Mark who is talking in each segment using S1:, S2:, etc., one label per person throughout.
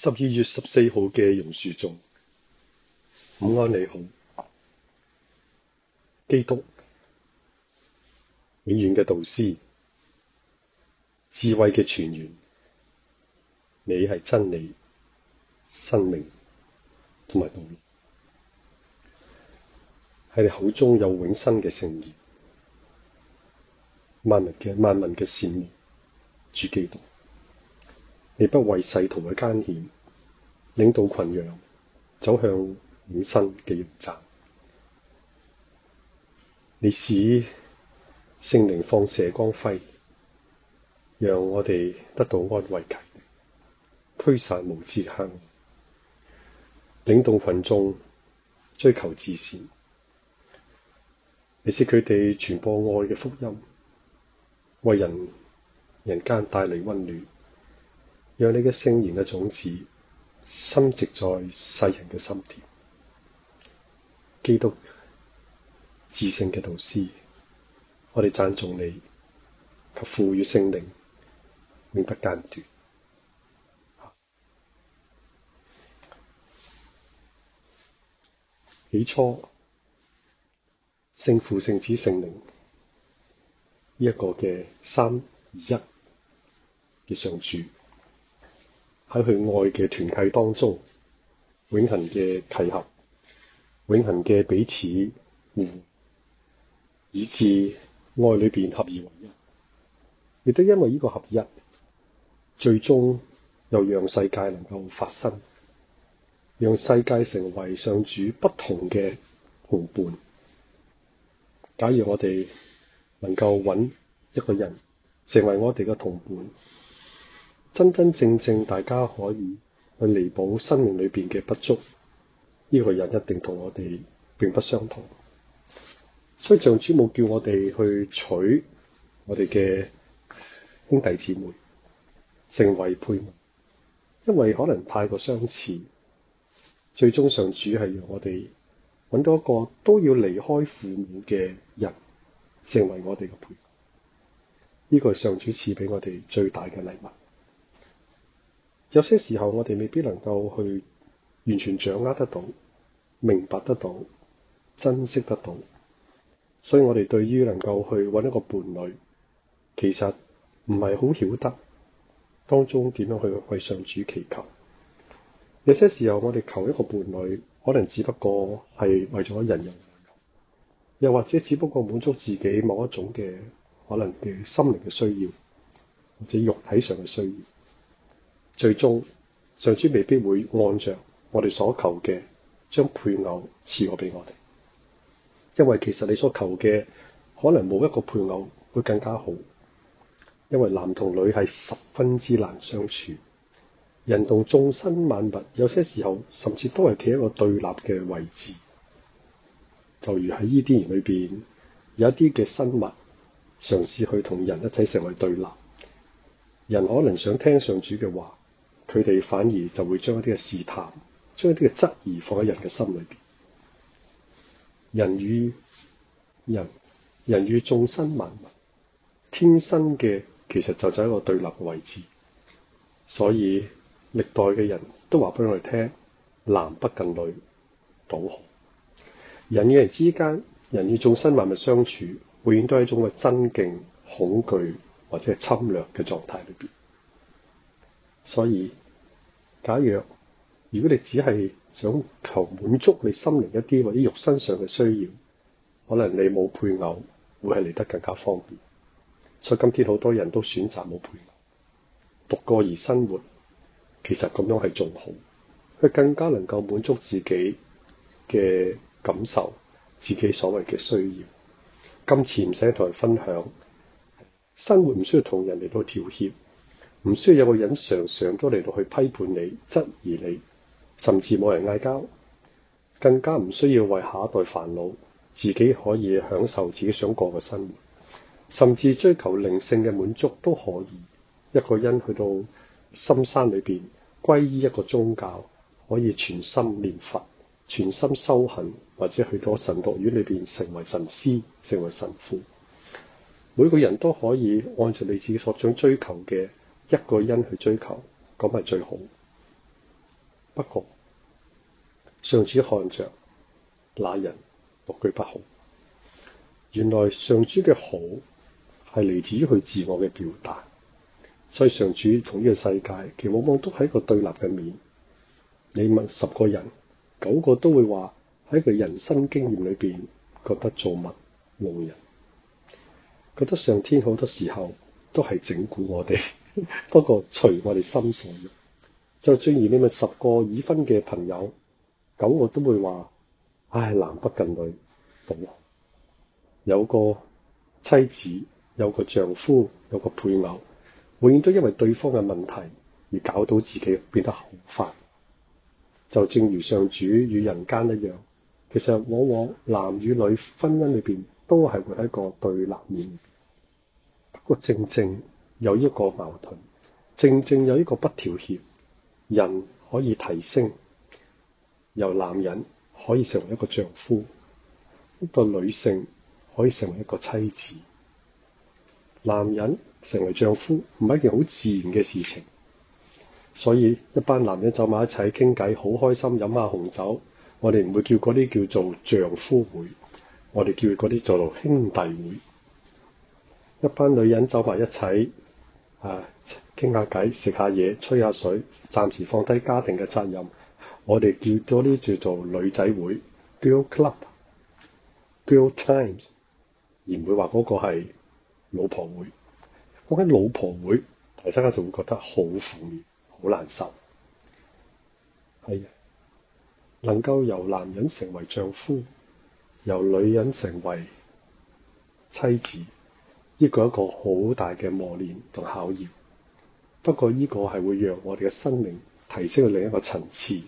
S1: 十二月十四號嘅榕樹中，午安你好，基督，永遠嘅導師，智慧嘅泉源，你係真理、生命同埋道路。喺你口中有永生嘅聖言，萬民嘅萬民嘅善念，主基督。你不畏世途嘅艱險，領導群羊走向永生嘅驛站。你使聖靈放射光輝，讓我哋得到安慰，及驅散無知坑，領導群眾追求至善，你使佢哋傳播愛嘅福音，為人人間帶嚟溫暖。讓你嘅聖言嘅種子深植在世人嘅心田。基督至聖嘅導師，我哋讚頌你及賦予聖靈，永不間斷。起初，聖父、聖子、聖靈呢一、這個嘅三二一嘅上主。喺佢愛嘅團契當中，永恆嘅契合，永恆嘅彼此互，以至愛裏邊合而為一。亦都因為呢個合一，最終又讓世界能夠發生，讓世界成為上主不同嘅同伴。假如我哋能夠揾一個人成為我哋嘅同伴。真真正正，大家可以去彌補生命裏邊嘅不足。呢、這個人一定同我哋並不相同，所以上主冇叫我哋去娶我哋嘅兄弟姊妹成為配偶，因為可能太過相似，最終上主係讓我哋揾到一個都要離開父母嘅人成為我哋嘅配偶。呢、這個係上主賜俾我哋最大嘅禮物。有些時候我哋未必能夠去完全掌握得到、明白得到、珍惜得到，所以我哋對於能夠去揾一個伴侶，其實唔係好曉得當中點樣去為上主祈求。有些時候我哋求一個伴侶，可能只不過係為咗人人，又或者只不過滿足自己某一種嘅可能嘅心靈嘅需要，或者肉體上嘅需要。最終，上主未必會按着我哋所求嘅，將配偶賜我俾我哋。因為其實你所求嘅可能冇一個配偶會更加好。因為男同女係十分之難相處，人同眾生萬物，有些時候甚至都係企喺個對立嘅位置。就如喺伊甸園裏邊，有一啲嘅生物嘗試去同人一齊成為對立。人可能想聽上主嘅話。佢哋反而就會將一啲嘅試探，將一啲嘅質疑放喺人嘅心裏邊。人與人、人與眾生萬物，天生嘅其實就就係一個對立嘅位置。所以歷代嘅人都話俾我哋聽：男不近女，倒好。人與人之間，人與眾生萬物相處，永遠都係一種嘅真敬、恐懼或者係侵略嘅狀態裏邊。所以，假若如果你只係想求滿足你心靈一啲或者肉身上嘅需要，可能你冇配偶會係嚟得更加方便。所以今天好多人都選擇冇配偶，獨個而生活。其實咁樣係仲好，佢更加能夠滿足自己嘅感受，自己所謂嘅需要。今次唔使同人分享，生活唔需要同人嚟到調協。唔需要有個人常常都嚟到去批判你、質疑你，甚至冇人嗌交，更加唔需要為下一代煩惱，自己可以享受自己想過嘅生活，甚至追求靈性嘅滿足都可以。一個人去到深山裏邊皈依一個宗教，可以全心念佛、全心修行，或者去到神學院裏邊成為神師、成為神父，每個人都可以按照你自己所想追求嘅。一個人去追求咁咪最好。不過上主看着那人獨居不好，原來上主嘅好係嚟自於佢自我嘅表達。所以上主同呢個世界其實往往都係一個對立嘅面。你問十個人，九個都會話喺佢人生經驗裏邊覺得造物無人，覺得上天好多時候都係整蠱我哋。不 過隨我哋心水，就锺意你咪十個已婚嘅朋友，九個都會話，唉，男不近女，補有個妻子，有個丈夫，有個配偶，永遠都因為對方嘅問題而搞到自己變得好煩。就正如上主與人間一樣，其實往往男與女婚姻裏邊都係會喺個對立面，不過正正。有一個矛盾，正正有一個不調協。人可以提升，由男人可以成為一個丈夫，一個女性可以成為一個妻子。男人成為丈夫唔係一件好自然嘅事情，所以一班男人走埋一齊傾偈，好開心飲下紅酒。我哋唔會叫嗰啲叫做丈夫會，我哋叫嗰啲叫做兄弟會。一班女人走埋一齊。啊！傾下偈，食下嘢，吹下水，暫時放低家庭嘅責任。我哋叫多啲叫做女仔會 girl club，girl times，而唔會話嗰個係老婆會。講起老婆會，大家就會覺得好負面，好難受。係啊，能夠由男人成為丈夫，由女人成為妻子。個一個一個好大嘅磨練同考驗，不過呢個係會讓我哋嘅生命提升到另一個層次。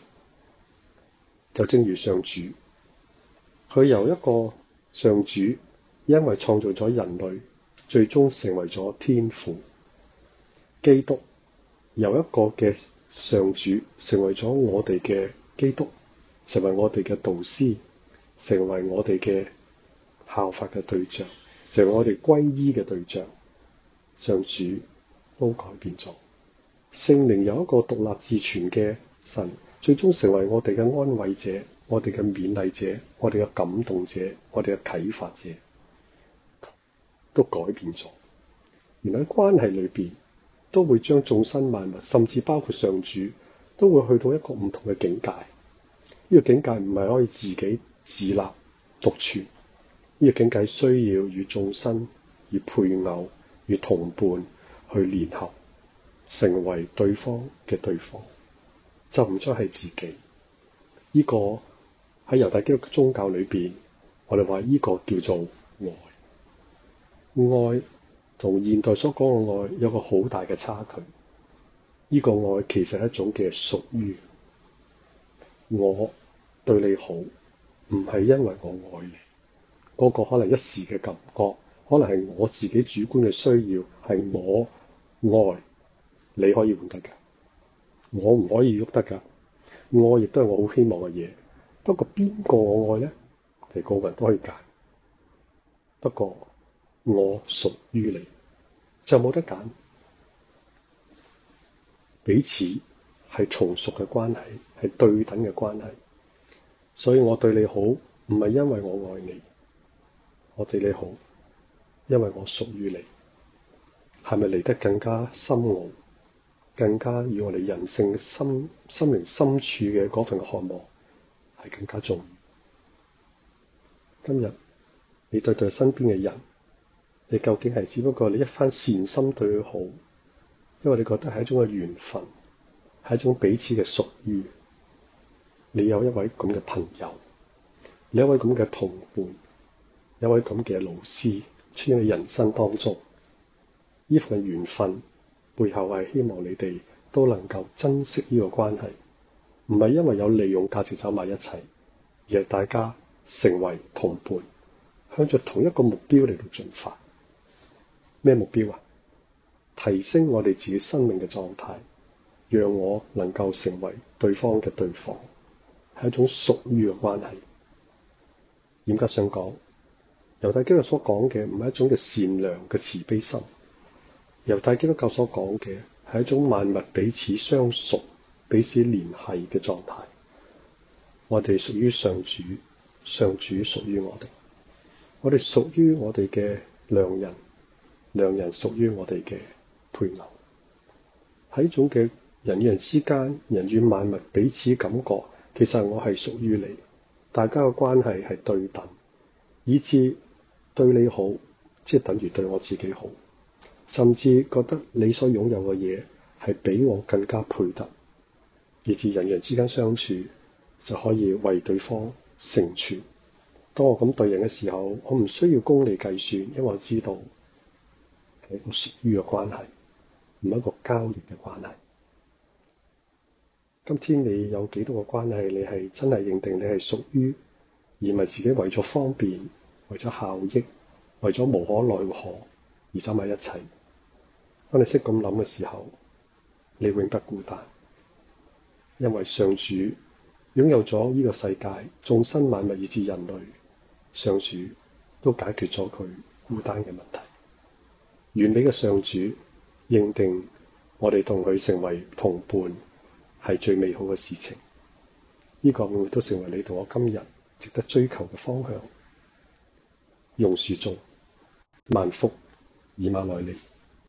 S1: 就正如上主，佢由一個上主，因為創造咗人類，最終成為咗天父基督，由一個嘅上主成為咗我哋嘅基督，成為我哋嘅導師，成為我哋嘅效法嘅對象。成為我哋皈依嘅對象，上主都改變咗。聖靈有一個獨立自存嘅神，最終成為我哋嘅安慰者、我哋嘅勉勵者、我哋嘅感動者、我哋嘅啟發者，都改變咗。原來喺關係裏邊，都會將眾生萬物，甚至包括上主，都會去到一個唔同嘅境界。呢個境界唔係可以自己自立獨存。呢個境界需要與眾生、與配偶、與同伴去聯合，成為對方嘅對方，就唔再係自己。呢、這個喺猶太基督宗教裏邊，我哋話呢個叫做愛。愛同現代所講嘅愛有個好大嘅差距。呢、這個愛其實係一種嘅屬於我對你好，唔係因為我愛你。嗰個可能一時嘅感覺，可能係我自己主觀嘅需要，係我愛你可以換得㗎，我唔可以喐得㗎。愛亦都係我好希望嘅嘢，不過邊個我愛咧？係個個人都可以揀，不過我屬於你就冇得揀。彼此係從屬嘅關係，係對等嘅關係，所以我對你好，唔係因為我愛你。我對你好，因為我屬於你，係咪嚟得更加深奧，更加與我哋人性心心靈深處嘅嗰份渴望係更加重要？今日你對待身邊嘅人，你究竟係只不過你一番善心對佢好，因為你覺得係一種嘅緣分，係一種彼此嘅屬於。你有一位咁嘅朋友，你一位咁嘅同伴。有位咁嘅老師出現喺人生當中，呢份緣分背後係希望你哋都能夠珍惜呢個關係，唔係因為有利用價值走埋一齊，而係大家成為同伴，向着同一個目標嚟到進發。咩目標啊？提升我哋自己生命嘅狀態，讓我能夠成為對方嘅對方，係一種屬於嘅關係。嚴格上講。猶太基，基督教所講嘅唔係一種嘅善良嘅慈悲心，猶太基督教所講嘅係一種萬物彼此相熟、彼此連繫嘅狀態。我哋屬於上主，上主屬於我哋；我哋屬於我哋嘅良人，良人屬於我哋嘅配偶。喺一種嘅人與人之間、人與萬物彼此感覺，其實我係屬於你，大家嘅關係係對等，以至。對你好，即係等於對我自己好，甚至覺得你所擁有嘅嘢係比我更加配得，以至人與人之間相處就可以為對方成全。當我咁對人嘅時候，我唔需要功利計算，因為我知道係一個屬於嘅關係，唔係一個交易嘅關係。今天你有幾多個關係？你係真係認定你係屬於，而唔係自己為咗方便。為咗效益，為咗無可奈何而走埋一齊。當你識咁諗嘅時候，你永不孤單，因為上主擁有咗呢個世界、眾生萬物以至人類，上主都解決咗佢孤單嘅問題。完美嘅上主認定我哋同佢成為同伴係最美好嘅事情。呢個會唔會都成為你同我今日值得追求嘅方向？榕樹中萬福以馬來尼。